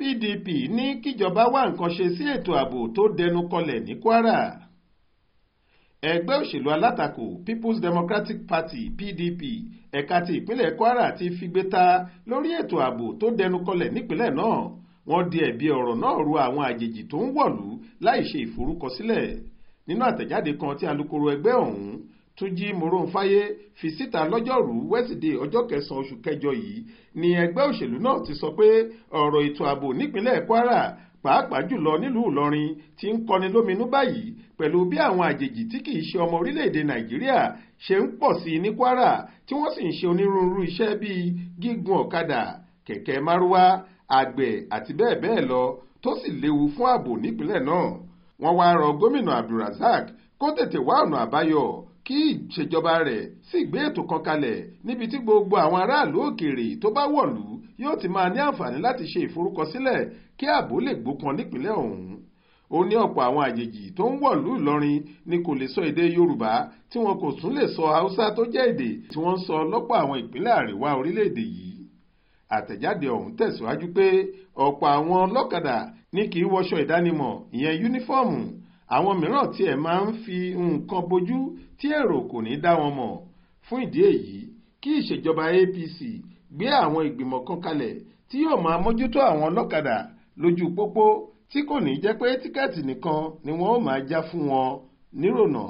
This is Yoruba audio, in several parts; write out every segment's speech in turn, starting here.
PDP ní kíjọba wá nǹkan ṣe sí ètò ààbò tó dẹnu kọlẹ̀ ní Kwara ẹgbẹ́ òṣèlú alátakò People's Democratic Party PDP ẹ̀ka ti ìpínlẹ̀ Kwara ti figbe ta lórí ètò ààbò tó dẹnu kọlẹ̀ nípínlẹ̀ náà wọ́n di ẹ̀bi ọ̀rọ̀ náà ru àwọn àjèjì tó ń wọ̀lú láì ṣe ìforúkọsílẹ̀ nínú àtẹ̀jáde kan tí alukoro ẹgbẹ́ ọ̀hún túnjí moronfáyé fi síta lọ́jọ́rùú wẹ́sídẹ̀ẹ́ ọjọ́ kẹsàn-án oṣù kẹjọ yìí ni ẹgbẹ́ òṣèlú náà ti sọ pé ọ̀rọ̀ ètò ààbò nípínlẹ̀ kwara pàápàá jùlọ nílùú ìlọrin ti ń kọni lóminú báyìí pẹ̀lú bí àwọn àjèjì tí kìí ṣe ọmọ orílẹ̀-èdè nàìjíríà ṣe ń pọ̀ sí i ní kwara tí wọ́n sì ń ṣe onírúurú iṣẹ́ bíi gígun ọ̀kadà kẹ̀kẹ́ márúwá àgbẹ̀ àti bẹ́ẹ̀ bẹ́ẹ̀ lọ tó sì léwu fún ààbò nípínlẹ̀ náà wọ́n wáá rọ gómìnà abdulrasaq kó tètè wá ọ̀nà àbáyọ kí ìṣèjọba rẹ̀ sì gbé ètò kan kalẹ̀ níbi tí gbogbo àwọn aráàlú òkèèrè tó bá wọ̀lú yóò ti máa ní àǹfààní láti ṣe ìforúkọsílẹ̀ kí ààbò lè gbókan nípìnlẹ̀ ọ̀hún ó ní ọ̀pọ̀ àwọn àjèjì tó ń wọ̀lú Ìlọrin ni kò lè sọ èdè Yorùbá tí wọn kò tún lè sọ Haúsá tó jẹ́ èdè tí wọ́n ń sọ lọ́pọ̀ àwọn ìpínlẹ̀ àríwá orílẹ̀-èdè yìí àtẹ̀jáde ọ̀hún tẹ̀síwájú pé ọ̀pọ̀ àwọn ọlọ́kadà ní kì í wọṣọ ìdánimọ̀ ìyẹn yúnífọ́ọ̀mù àwọn mìíràn tiẹ̀ máa ń fi nǹkan bojú tí èrò kò ní dá wọn mọ̀ fún ìdí èyí kí ìṣèjọba APC gbé àwọn ìgbìmọ̀ kan kalẹ̀ tí yóò máa mójútó àwọn ọlọ́kadà lójú pópó tí kò ní jẹ́ pé tíkẹ́ẹ̀tì nìkan ni wọ́n ó máa já fún wọn nírònà.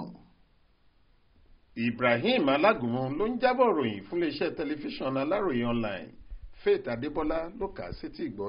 Ibrahim Alágúnmu ló ń jábọ̀ ròyìn fún iléeṣẹ́ tẹlifíṣàn Aláròyé online Faith Adébọ́lá ló kà á sétí ìgbọ́